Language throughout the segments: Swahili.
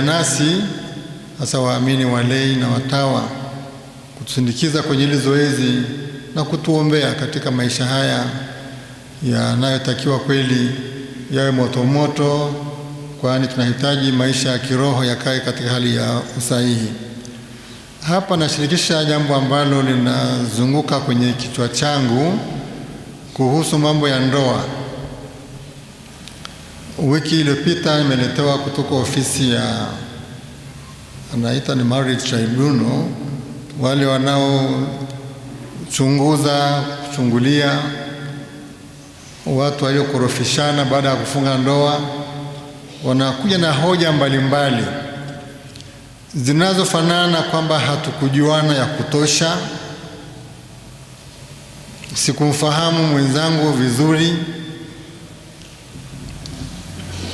nasi hasa waamini walei na watawa kutusindikiza kwenye hili zoezi na kutuombea katika maisha haya yanayotakiwa kweli yawe motomoto, kwani tunahitaji maisha ya kiroho yakae katika hali ya usahihi. Hapa nashirikisha jambo ambalo linazunguka kwenye kichwa changu kuhusu mambo ya ndoa. Wiki iliyopita imeletewa kutoka ofisi ya anaita ni marriage tribunal, wale wanaochunguza kuchungulia watu waliokorofishana baada ya kufunga ndoa, wanakuja na hoja mbalimbali zinazofanana kwamba hatukujuana ya kutosha, sikumfahamu mwenzangu vizuri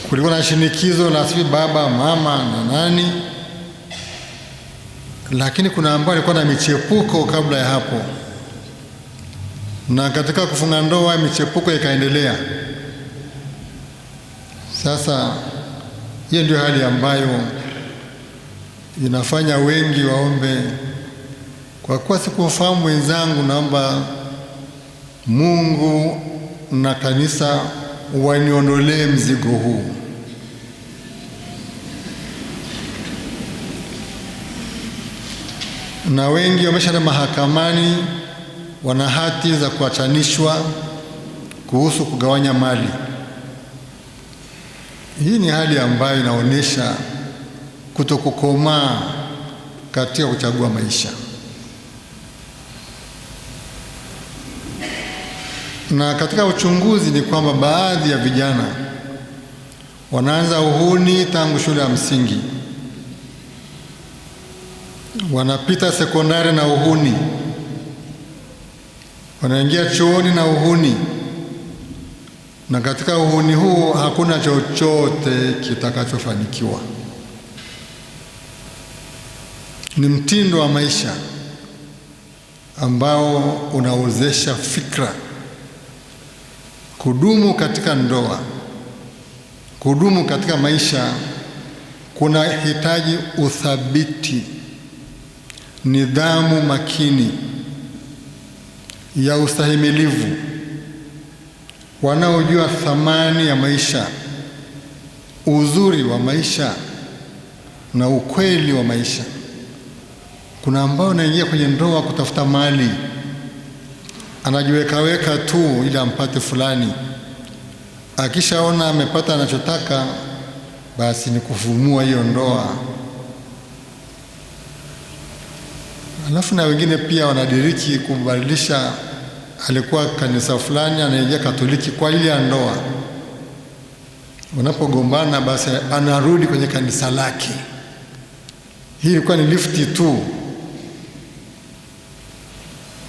kulikuwa na shinikizo la sijui baba mama na nani, lakini kuna ambao alikuwa na michepuko kabla ya hapo, na katika kufunga ndoa michepuko ikaendelea. Sasa hiyo ndio hali ambayo inafanya wengi waombe, kwa kuwa sikufahamu wenzangu, naomba Mungu na kanisa waniondolee mzigo huu. Na wengi wameshaenda mahakamani, wana hati za kuachanishwa kuhusu kugawanya mali. Hii ni hali ambayo inaonyesha kutokukomaa katika kuchagua maisha. Na katika uchunguzi ni kwamba baadhi ya vijana wanaanza uhuni tangu shule ya msingi, wanapita sekondari na uhuni, wanaingia chuoni na uhuni, na katika uhuni huu hakuna chochote kitakachofanikiwa. Ni mtindo wa maisha ambao unaozesha fikra kudumu katika ndoa, kudumu katika maisha kunahitaji uthabiti, nidhamu makini ya ustahimilivu, wanaojua thamani ya maisha, uzuri wa maisha na ukweli wa maisha. Kuna ambao wanaingia kwenye ndoa kutafuta mali anajiwekaweka tu ili ampate fulani. Akishaona amepata anachotaka, basi ni kufumua hiyo ndoa. Alafu na wengine pia wanadiriki kumbadilisha, alikuwa kanisa fulani, anaingia Katoliki kwa ajili ya ndoa. Wanapogombana, basi anarudi kwenye kanisa lake. Hii ilikuwa ni lifti tu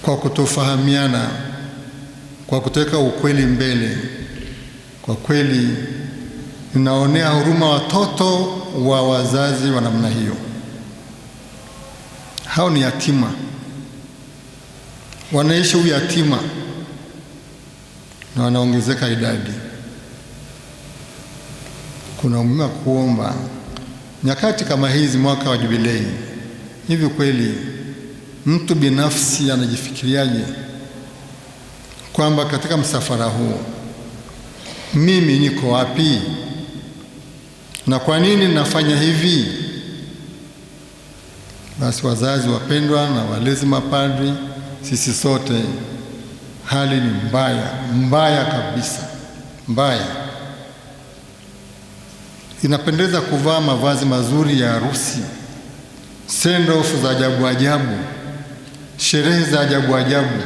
kwa kutofahamiana, kwa kutoweka ukweli mbele. Kwa kweli ninaonea huruma watoto wa wazazi wa namna hiyo. Hao ni yatima, wanaishi uyatima na wanaongezeka idadi. Kuna umuhimu wa kuomba nyakati kama hizi, mwaka wa jubilei. Hivi kweli mtu binafsi anajifikiriaje kwamba katika msafara huu mimi niko wapi na kwa nini nafanya hivi? Basi wazazi wapendwa na walezi, mapadri, sisi sote, hali ni mbaya, mbaya kabisa, mbaya. Inapendeza kuvaa mavazi mazuri ya harusi, sendofu za ajabu ajabu sherehe za ajabu ajabu,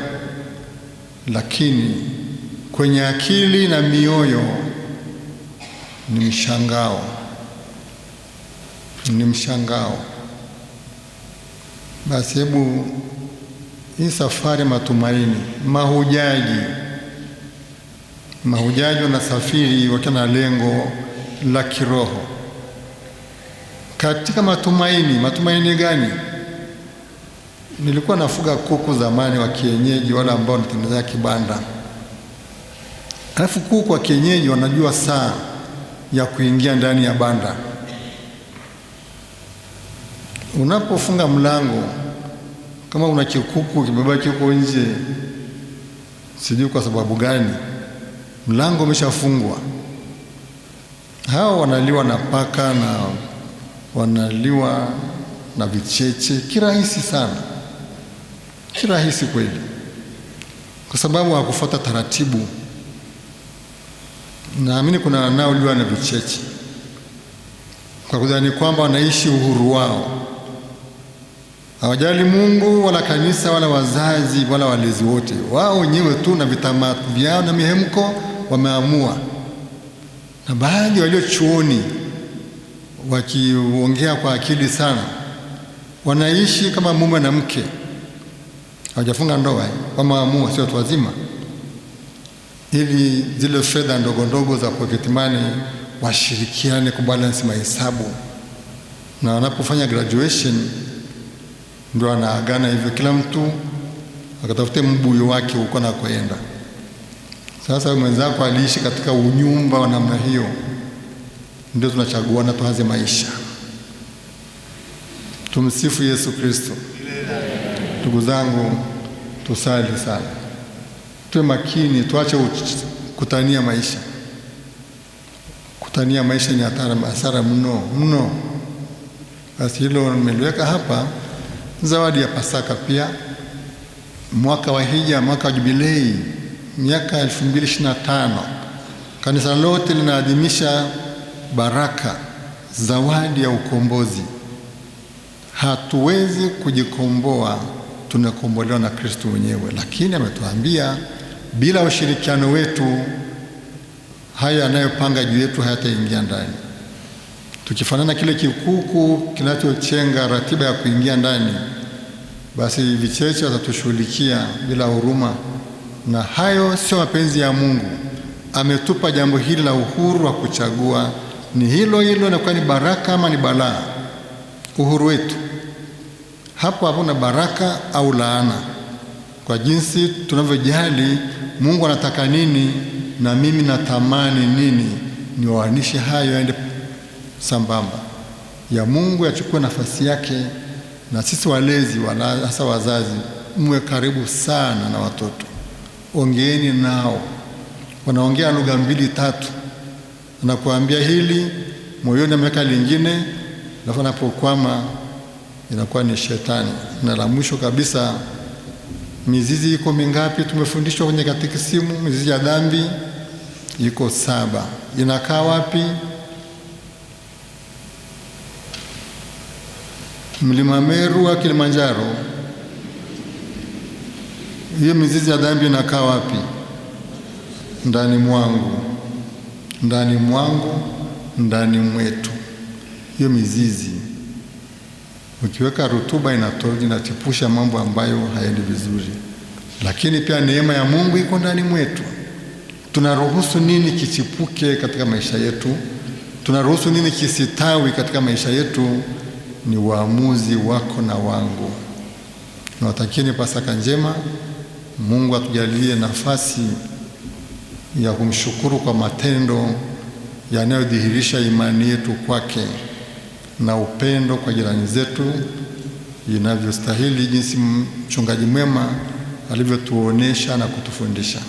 lakini kwenye akili na mioyo ni mshangao, ni mshangao. Basi hebu hii safari matumaini, mahujaji mahujaji wanasafiri wakiwa na lengo la kiroho katika matumaini. Matumaini gani? Nilikuwa nafuga kuku zamani wa kienyeji, wale ambao natengenezea kibanda. Alafu kuku wa kienyeji wanajua saa ya kuingia ndani ya banda. Unapofunga mlango, kama una kikuku kimebaki huko nje, sijui kwa sababu gani, mlango umeshafungwa. Hao wanaliwa na paka na wanaliwa na vicheche kirahisi sana. Si rahisi kweli, kwa sababu hakufuata taratibu. Naamini kuna liwa na vichechi kwa kudhani kwamba wanaishi uhuru wao, hawajali Mungu wala kanisa wala wazazi wala walezi wote. Wao wenyewe tu na vitamaa vyao na mihemko wameamua, na baadhi walio chuoni wakiongea kwa akili sana, wanaishi kama mume na mke hawajafunga ndoa wameamua, sio watu wazima, ili zile fedha ndogo ndogo za pocket money washirikiane kubalansi mahesabu, na wanapofanya graduation ndio anaagana hivyo, kila mtu akatafute mbuyu wake huko na kwenda. Sasa mwenzako aliishi katika unyumba wa namna hiyo, ndio tunachaguana tuanze maisha. Tumsifu Yesu Kristo. Ndugu zangu, tusali sana, tuwe makini, tuache kutania maisha. Kutania maisha ni hasara mno mno. Basi hilo nimeliweka hapa. Zawadi ya Pasaka pia, mwaka wa hija, mwaka wa jubilei, miaka 2025 kanisa lote linaadhimisha baraka, zawadi ya ukombozi. Hatuwezi kujikomboa tunakombolewa na Kristo mwenyewe, lakini ametuambia bila ushirikiano wetu hayo yanayopanga juu yetu hayataingia ndani. Tukifanana kile kikuku kinachochenga ratiba ya kuingia ndani, basi vicheche watatushughulikia bila huruma, na hayo sio mapenzi ya Mungu. Ametupa jambo hili la uhuru wa kuchagua, ni hilo hilo inakuwa ni baraka ama ni balaa, uhuru wetu hapo hakuna baraka au laana, kwa jinsi tunavyojali Mungu anataka nini na mimi natamani nini, niwaanishe hayo yaende sambamba, ya Mungu yachukue nafasi yake. Na sisi walezi, hasa wazazi, mwe karibu sana na watoto, ongeeni nao. Wanaongea lugha mbili tatu, anakuambia hili moyoni, ameweka lingine, alafu anapokwama inakuwa ni shetani. Na la mwisho kabisa, mizizi iko mingapi? Tumefundishwa kwenye katekisimu, mizizi ya dhambi iko saba. Inakaa wapi? Mlima Meru wa Kilimanjaro. Hiyo mizizi ya dhambi inakaa wapi? Ndani mwangu, ndani mwangu, ndani mwetu, hiyo mizizi Ukiweka rutuba inato, inachepusha mambo ambayo hayaendi vizuri, lakini pia neema ya Mungu iko ndani mwetu. Tunaruhusu nini kichipuke katika maisha yetu? Tunaruhusu nini kisitawi katika maisha yetu? Ni waamuzi wako na wangu. Nawatakieni Pasaka njema. Mungu atujalie nafasi ya kumshukuru kwa matendo yanayodhihirisha imani yetu kwake na upendo kwa jirani zetu inavyostahili, jinsi mchungaji mwema alivyotuonesha na kutufundisha.